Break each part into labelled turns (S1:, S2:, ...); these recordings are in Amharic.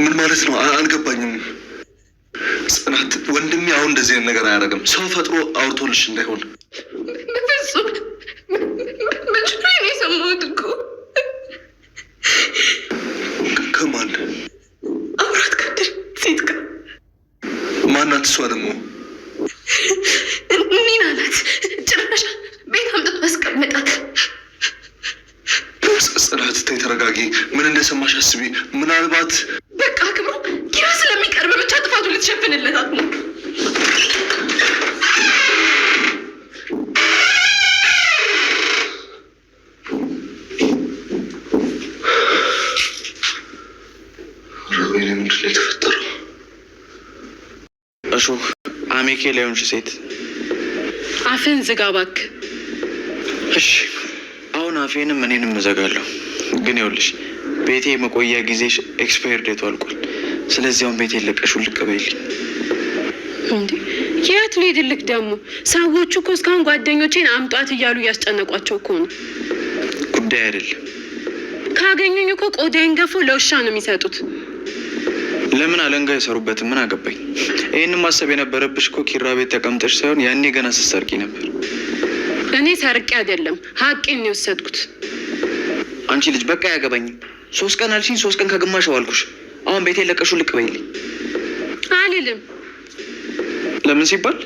S1: ምን ማለት ነው አልገባኝም። ጽናት ወንድሜ አሁን እንደዚህ አይነት ነገር አያደርግም። ሰው ፈጥሮ አውርቶልሽ እንዳይሆን ከማን ሴት ጋር ማናት? እሷ ደግሞ
S2: ናት። ጭራሽ ቤት አምጥቶ አስቀምጣት።
S1: ጽናት ተይ፣ ተረጋጊ። ምን እንደሰማሽ አስቢ። ምናልባት
S2: ስትሸፍንለት አጥሞ
S1: እሾህ አሜኬ ላይሆንሽ ሴት
S2: አፍን ዝጋ ባክ
S1: እሺ አሁን አፌንም እኔንም እዘጋለሁ። ግን ይኸውልሽ ቤቴ የመቆያ ጊዜሽ ኤክስፓየር ዴቱ አልቋል። ስለዚያውን ቤት የለቀሹ ልቅ
S2: እንዴ የት ልሄድልክ ደግሞ? ሰዎቹ እኮ እስካሁን ጓደኞቼን አምጧት እያሉ እያስጨነቋቸው እኮ ነው።
S1: ጉዳይ አይደለም።
S2: ካገኙኝ እኮ ቆዳይን ገፎ ለውሻ ነው የሚሰጡት።
S1: ለምን አለንጋ የሰሩበትን ምን አገባኝ። ይህን ማሰብ የነበረብሽ እኮ ኪራ ቤት ተቀምጠሽ ሳይሆን ያኔ ገና ስትሰርቂ ነበር።
S2: እኔ ሰርቄ አይደለም ሀቄን ነው የወሰድኩት።
S1: አንቺ ልጅ በቃ አያገባኝም። ሶስት ቀን አልሽኝ፣ ሶስት ቀን ከግማሽ ዋልኩሽ። አሁን ቤቴ የለቀሹ ልቅ በይልኝ አልልም። ለምን ሲባል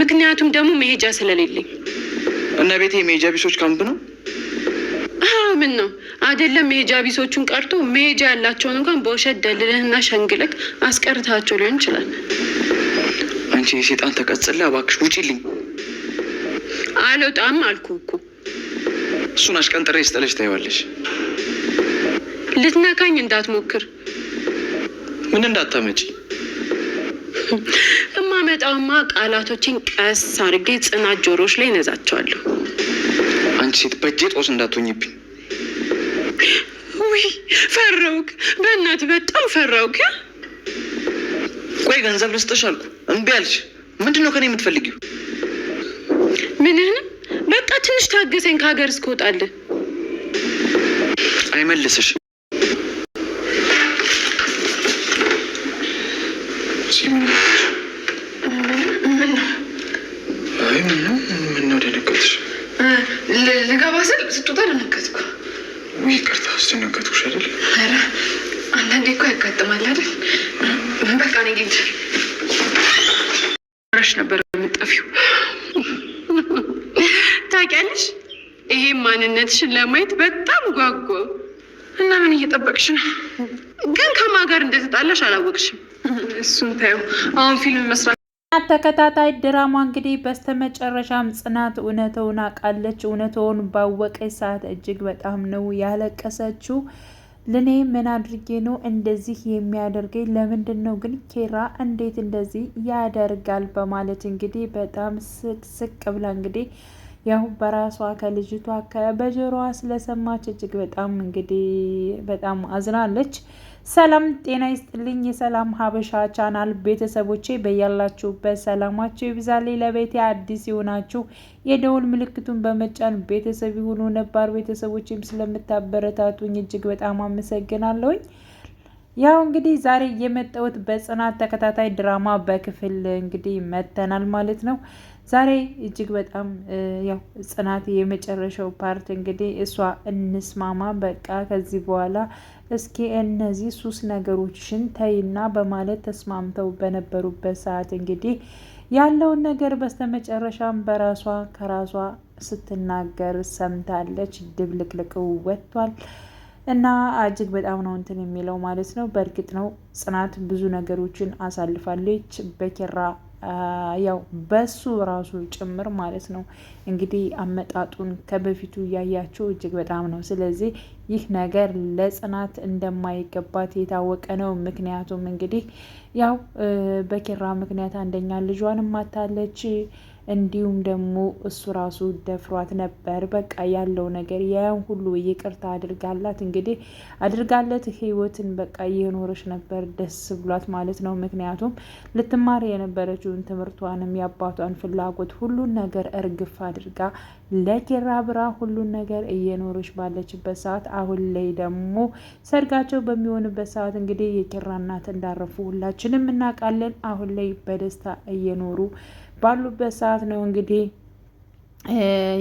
S2: ምክንያቱም ደግሞ መሄጃ ስለሌለኝ
S1: እና ቤቴ መሄጃ ቢሶች ካምፕ ነው።
S2: ምን ነው አይደለም፣ መሄጃ ቢሶቹን ቀርቶ መሄጃ ያላቸውን እንኳን በውሸት ደልለህና ሸንግለክ አስቀርታቸው ሊሆን ይችላል።
S1: አንቺ የሴጣን ተቀጽላ እባክሽ ውጪልኝ።
S2: አልወጣም አልኩ እኮ።
S1: እሱን አሽቀንጥሬ ስጠለች ታይዋለሽ።
S2: ልትነካኝ እንዳትሞክር።
S1: ምን እንዳታመጪ
S2: እማመጣውማ ቃላቶችን ቀስ አድርጌ ጽናት ጆሮች ላይ ነዛቸዋለሁ።
S1: አንቺ ሴት በእጄ ጦስ እንዳትሆኝብኝ።
S2: ውይ ፈራውክ፣ በእናት በጣም ፈራውክ።
S1: ቆይ ገንዘብ ልስጥሽ አልኩ እምቢ አልሽ። ምንድን ነው ከኔ የምትፈልጊው?
S2: ምንህንም በቃ ትንሽ ታገሰኝ ከሀገር እስክወጣለን።
S1: አይመልስሽ ምነው ምነው ደነገጥሽ?
S2: ልገባ ስል ስትወጣ ደነገጥኩ።
S1: ይቅርታ ስደነገጥኩሽ አይደል?
S2: ኧረ አንዳንዴ እኮ ያጋጥማል አይደል? በቃ እኔ ጌድ ረሽ ነበር የምጠፊው ታውቂያለሽ። ይሄ ማንነትሽን ለማየት በጣም ጓጓ እና ምን እየጠበቅሽ ነው? ግን ከማን ጋር እንደተጣላሽ አላወቅሽም። እሱን ታየው አሁን ፊልም መስራት ተከታታይ ድራማ እንግዲህ በስተመጨረሻም ጽናት እውነተውን አውቃለች። እውነተውን ባወቀች ሰዓት እጅግ በጣም ነው ያለቀሰችው። ልኔ ምን አድርጌ ነው እንደዚህ የሚያደርገኝ? ለምንድን ነው ግን ኬራ እንዴት እንደዚህ ያደርጋል? በማለት እንግዲህ በጣም ስቅ ስቅ ብላ እንግዲህ ያው በራሷ ከልጅቷ በጆሮዋ ስለሰማች እጅግ በጣም እንግዲህ በጣም አዝናለች። ሰላም ጤና ይስጥልኝ። የሰላም ሀበሻ ቻናል ቤተሰቦቼ በያላችሁበት ሰላማችሁ ይብዛሌ። ለቤቴ አዲስ የሆናችሁ የደውል ምልክቱን በመጫን ቤተሰብ የሆኑ ነባር ቤተሰቦችም ስለምታበረታቱኝ እጅግ በጣም አመሰግናለሁኝ። ያው እንግዲህ ዛሬ የመጣሁት በጽናት ተከታታይ ድራማ በክፍል እንግዲህ መተናል ማለት ነው። ዛሬ እጅግ በጣም ያው ጽናት የመጨረሻው ፓርት እንግዲህ እሷ እንስማማ በቃ ከዚህ በኋላ እስኪ እነዚህ ሱስ ነገሮችን ተይና በማለት ተስማምተው በነበሩበት ሰዓት እንግዲህ ያለውን ነገር በስተመጨረሻም በራሷ ከራሷ ስትናገር ሰምታለች። ድብልቅልቅ ወጥቷል እና እጅግ በጣም ነው እንትን የሚለው ማለት ነው። በእርግጥ ነው ጽናት ብዙ ነገሮችን አሳልፋለች በኪራ ያው በሱ ራሱ ጭምር ማለት ነው እንግዲህ አመጣጡን ከበፊቱ እያያችሁ እጅግ በጣም ነው። ስለዚህ ይህ ነገር ለጽናት እንደማይገባት የታወቀ ነው። ምክንያቱም እንግዲህ ያው በኪራ ምክንያት አንደኛ ልጇንም አታለች። እንዲሁም ደግሞ እሱ ራሱ ደፍሯት ነበር። በቃ ያለው ነገር ያን ሁሉ ይቅርታ አድርጋላት እንግዲህ አድርጋለት ህይወትን በቃ እየኖረች ነበር ደስ ብሏት ማለት ነው። ምክንያቱም ልትማር የነበረችውን ትምህርቷንም የአባቷን ፍላጎት ሁሉን ነገር እርግፍ አድርጋ ለኪራ ብራ ሁሉን ነገር እየኖረች ባለችበት ሰዓት አሁን ላይ ደግሞ ሰርጋቸው በሚሆንበት ሰዓት እንግዲህ የኪራ እናት እንዳረፉ ሁላችንም እናውቃለን። አሁን ላይ በደስታ እየኖሩ ባሉበት ሰዓት ነው እንግዲህ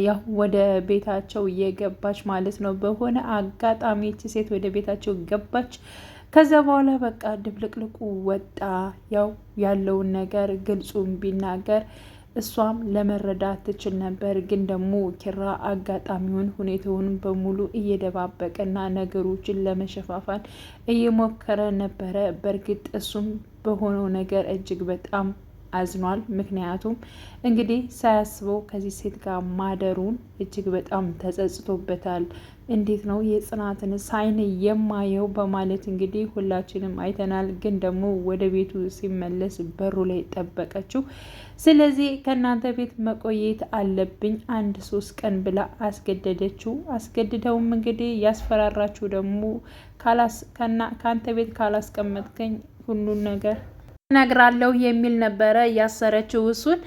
S2: ያው ወደ ቤታቸው እየገባች ማለት ነው። በሆነ አጋጣሚ ይቺ ሴት ወደ ቤታቸው ገባች። ከዛ በኋላ በቃ ድብልቅልቁ ወጣ። ያው ያለውን ነገር ግልጹን ቢናገር እሷም ለመረዳት ትችል ነበር። ግን ደግሞ ኪራ አጋጣሚውን ሁኔታውን በሙሉ እየደባበቀና ነገሮችን ለመሸፋፋን እየሞከረ ነበረ። በእርግጥ እሱም በሆነው ነገር እጅግ በጣም አዝኗል። ምክንያቱም እንግዲህ ሳያስበው ከዚህ ሴት ጋር ማደሩን እጅግ በጣም ተጸጽቶበታል። እንዴት ነው የጽናትን ሳይን የማየው በማለት እንግዲህ ሁላችንም አይተናል። ግን ደግሞ ወደ ቤቱ ሲመለስ በሩ ላይ ጠበቀችው። ስለዚህ ከእናንተ ቤት መቆየት አለብኝ አንድ ሶስት ቀን ብላ አስገደደችው። አስገድደውም እንግዲህ ያስፈራራችሁ ደግሞ ከአንተ ቤት ካላስቀመጥከኝ ሁሉን ነገር ነግራለሁ የሚል ነበረ ያሰረችው እሱን።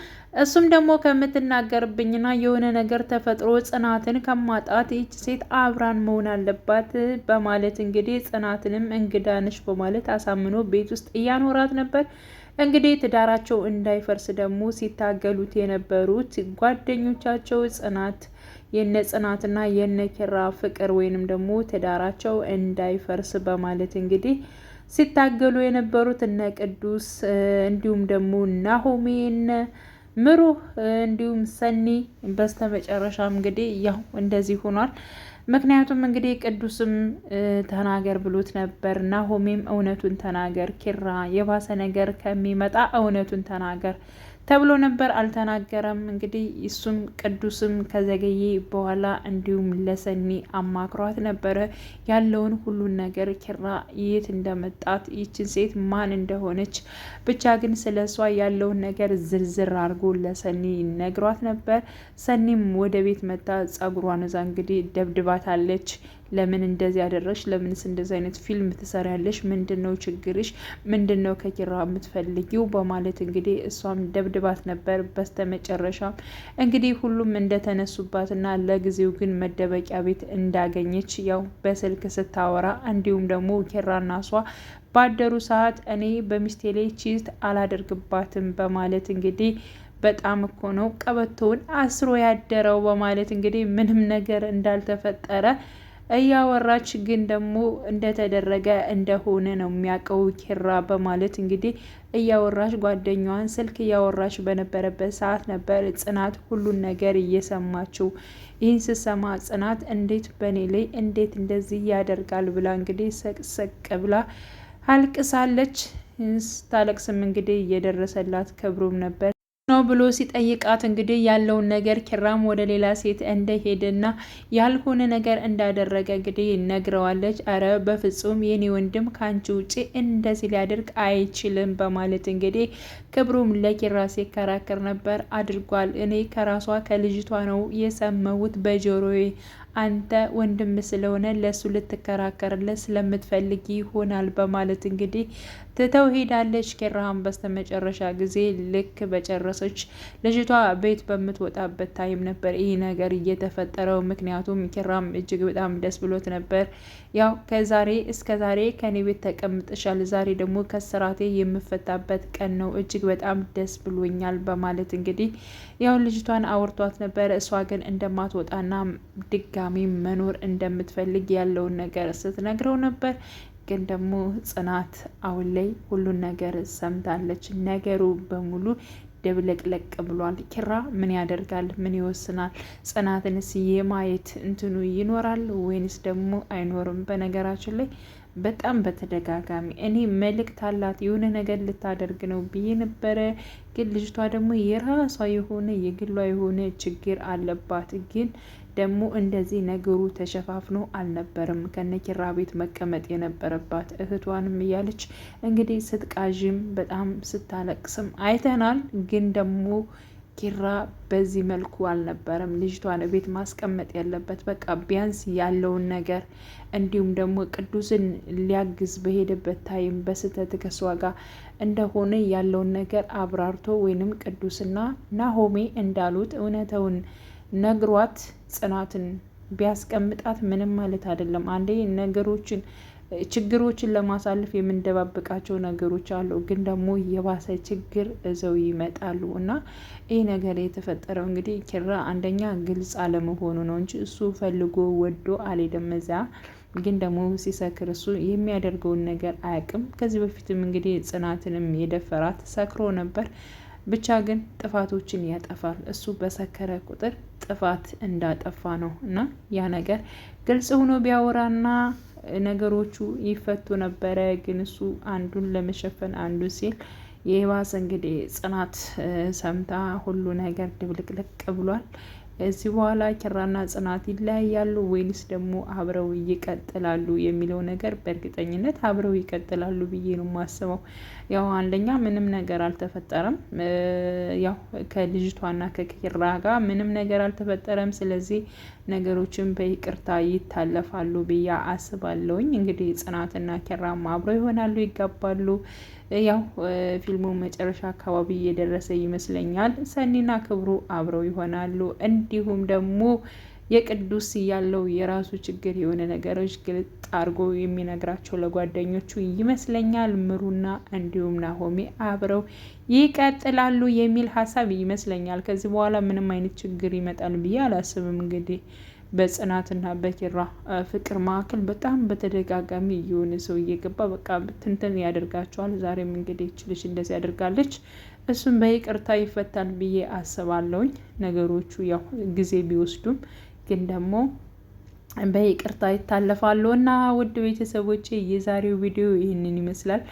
S2: እሱም ደግሞ ከምትናገርብኝና የሆነ ነገር ተፈጥሮ ጽናትን ከማጣት ይች ሴት አብራን መሆን አለባት በማለት እንግዲህ ጽናትንም እንግዳንሽ በማለት አሳምኖ ቤት ውስጥ እያኖራት ነበር። እንግዲህ ትዳራቸው እንዳይፈርስ ደግሞ ሲታገሉት የነበሩት ጓደኞቻቸው ጽናት የነ ጽናትና የነ ኪራ ፍቅር ወይንም ደግሞ ትዳራቸው እንዳይፈርስ በማለት እንግዲህ ሲታገሉ የነበሩት እነ ቅዱስ እንዲሁም ደግሞ ናሆሜን ምሩህ እንዲሁም ሰኒ በስተመጨረሻም እንግዲህ ያው እንደዚህ ሆኗል። ምክንያቱም እንግዲህ ቅዱስም ተናገር ብሎት ነበር። ናሆሜም እውነቱን ተናገር ኪራ፣ የባሰ ነገር ከሚመጣ እውነቱን ተናገር ተብሎ ነበር። አልተናገረም። እንግዲህ እሱም ቅዱስም ከዘገየ በኋላ እንዲሁም ለሰኒ አማክሯት ነበረ ያለውን ሁሉን ነገር ኪራ የት እንደመጣት ይችን ሴት ማን እንደሆነች ብቻ ግን ስለ እሷ ያለውን ነገር ዝርዝር አድርጎ ለሰኒ ነግሯት ነበር። ሰኒም ወደ ቤት መታ ጸጉሯን እዛ እንግዲህ ደብድባታለች። ለምን እንደዚህ አደረግሽ? ለምንስ እንደዚህ አይነት ፊልም ትሰሪያለሽ? ምንድን ነው ችግርሽ? ምንድን ነው ከኪራ የምትፈልጊው? በማለት እንግዲህ እሷም ደብድባት ነበር። በስተመጨረሻ እንግዲህ ሁሉም እንደተነሱባትና ለጊዜው ግን መደበቂያ ቤት እንዳገኘች ያው በስልክ ስታወራ እንዲሁም ደግሞ ኪራና እሷ ባደሩ ሰዓት እኔ በሚስቴ ላይ አላደርግባትም በማለት እንግዲህ በጣም እኮ ነው ቀበቶውን አስሮ ያደረው በማለት እንግዲህ ምንም ነገር እንዳልተፈጠረ እያወራች ግን ደግሞ እንደተደረገ እንደሆነ ነው የሚያውቀው ኪራ በማለት እንግዲህ እያወራች ጓደኛዋን ስልክ እያወራች በነበረበት ሰዓት ነበር ጽናት ሁሉን ነገር እየሰማችው። ይህን ስሰማ ጽናት እንዴት በእኔ ላይ እንዴት እንደዚህ ያደርጋል ብላ እንግዲህ ሰቅሰቅ ብላ አልቅሳለች። ታለቅስም እንግዲህ እየደረሰላት ክብሩም ነበር ነው ብሎ ሲጠይቃት እንግዲህ ያለውን ነገር ኪራም ወደ ሌላ ሴት እንደሄደና ያልሆነ ነገር እንዳደረገ እንግዲህ ነግረዋለች። አረ በፍጹም የኔ ወንድም ከአንቺ ውጭ እንደዚህ ሊያደርግ አይችልም በማለት እንግዲህ ክብሩም ለኪራ ሲከራከር ነበር አድርጓል። እኔ ከራሷ ከልጅቷ ነው የሰመውት በጆሮዬ አንተ ወንድም ስለሆነ ለሱ ልትከራከርለት ስለምትፈልግ ይሆናል በማለት እንግዲህ ትተው ሄዳለች። ኬራሃም በስተመጨረሻ ጊዜ ልክ በጨረሰች ልጅቷ ቤት በምትወጣበት ታይም ነበር ይህ ነገር እየተፈጠረው። ምክንያቱም ኬራም እጅግ በጣም ደስ ብሎት ነበር። ያው ከዛሬ እስከ ዛሬ ከኔ ቤት ተቀምጥሻል፣ ዛሬ ደግሞ ከስራቴ የምፈታበት ቀን ነው፣ እጅግ በጣም ደስ ብሎኛል በማለት እንግዲህ ያው ልጅቷን አውርቷት ነበር። እሷ ግን እንደማትወጣና ድጋሚ መኖር እንደምትፈልግ ያለውን ነገር ስትነግረው ነበር። ግን ደግሞ ጽናት አሁን ላይ ሁሉን ነገር ሰምታለች። ነገሩ በሙሉ ደብለቅለቅ ብሏል። ኪራ ምን ያደርጋል? ምን ይወስናል? ጽናትንስ የማየት እንትኑ ይኖራል ወይንስ ደግሞ አይኖርም? በነገራችን ላይ በጣም በተደጋጋሚ እኔ መልእክት አላት የሆነ ነገር ልታደርግ ነው ብዬ ነበረ። ግን ልጅቷ ደግሞ የራሷ የሆነ የግሏ የሆነ ችግር አለባት። ግን ደግሞ እንደዚህ ነገሩ ተሸፋፍኖ አልነበረም ከነኪራ ቤት መቀመጥ የነበረባት እህቷንም እያለች እንግዲህ ስትቃዥም በጣም ስታለቅስም አይተናል። ግን ደግሞ ኪራ በዚህ መልኩ አልነበረም ልጅቷን ቤት ማስቀመጥ ያለበት። በቃ ቢያንስ ያለውን ነገር እንዲሁም ደግሞ ቅዱስን ሊያግዝ በሄደበት ታይም በስህተት ከሷ ጋር እንደሆነ ያለውን ነገር አብራርቶ ወይንም ቅዱስና ናሆሜ እንዳሉት እውነተውን ነግሯት ጽናትን ቢያስቀምጣት ምንም ማለት አይደለም። አንዴ ነገሮችን ችግሮችን ለማሳለፍ የምንደባበቃቸው ነገሮች አሉ፣ ግን ደግሞ የባሰ ችግር እዘው ይመጣሉ እና ይህ ነገር የተፈጠረው እንግዲህ ኪራ አንደኛ ግልጽ አለመሆኑ ነው እንጂ እሱ ፈልጎ ወዶ አልሄደም እዛ ግን ደግሞ ሲሰክር እሱ የሚያደርገውን ነገር አያውቅም። ከዚህ በፊትም እንግዲህ ጽናትንም የደፈራት ሰክሮ ነበር። ብቻ ግን ጥፋቶችን ያጠፋል። እሱ በሰከረ ቁጥር ጥፋት እንዳጠፋ ነው እና ያ ነገር ግልጽ ሆኖ ቢያወራና ነገሮቹ ይፈቱ ነበረ። ግን እሱ አንዱን ለመሸፈን አንዱ ሲል የባሰ እንግዲህ ጽናት ሰምታ ሁሉ ነገር ድብልቅልቅ ብሏል። እዚህ በኋላ ኪራና ጽናት ይለያያሉ ወይንስ ደግሞ አብረው ይቀጥላሉ የሚለው ነገር በእርግጠኝነት አብረው ይቀጥላሉ ብዬ ነው የማስበው። ያው አንደኛ ምንም ነገር አልተፈጠረም። ያው ከልጅቷና ከኪራ ጋር ምንም ነገር አልተፈጠረም። ስለዚህ ነገሮችን በይቅርታ ይታለፋሉ ብዬ አስባለሁኝ። እንግዲህ ጽናትና ኪራም አብረው ይሆናሉ፣ ይጋባሉ። ያው ፊልሙ መጨረሻ አካባቢ እየደረሰ ይመስለኛል። ሰኒና ክብሩ አብረው ይሆናሉ። እንዲሁም ደግሞ የቅዱስ ያለው የራሱ ችግር የሆነ ነገሮች ግልጥ አድርጎ የሚነግራቸው ለጓደኞቹ ይመስለኛል። ምሩና እንዲሁም ናሆሜ አብረው ይቀጥላሉ የሚል ሀሳብ ይመስለኛል። ከዚህ በኋላ ምንም አይነት ችግር ይመጣል ብዬ አላስብም። እንግዲህ በጽናትና በኪራ ፍቅር መካከል በጣም በተደጋጋሚ የሆነ ሰው እየገባ በቃ ትንትን ያደርጋቸዋል። ዛሬም እንግዲህ ችልሽ እንደዚህ ያደርጋለች። እሱም በይቅርታ ይፈታል ብዬ አስባለሁኝ። ነገሮቹ ያው ጊዜ ቢወስዱም ግን ደግሞ በይቅርታ ይታለፋሉ እና ውድ ቤተሰቦች የዛሬው ቪዲዮ ይህንን ይመስላል።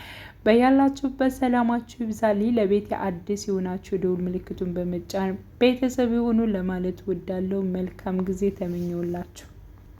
S2: በያላችሁበት ሰላማችሁ ይብዛል። ለቤት አዲስ የሆናችሁ ደውል ምልክቱን በመጫን ቤተሰብ የሆኑ ለማለት ወዳለው መልካም ጊዜ ተመኘውላችሁ።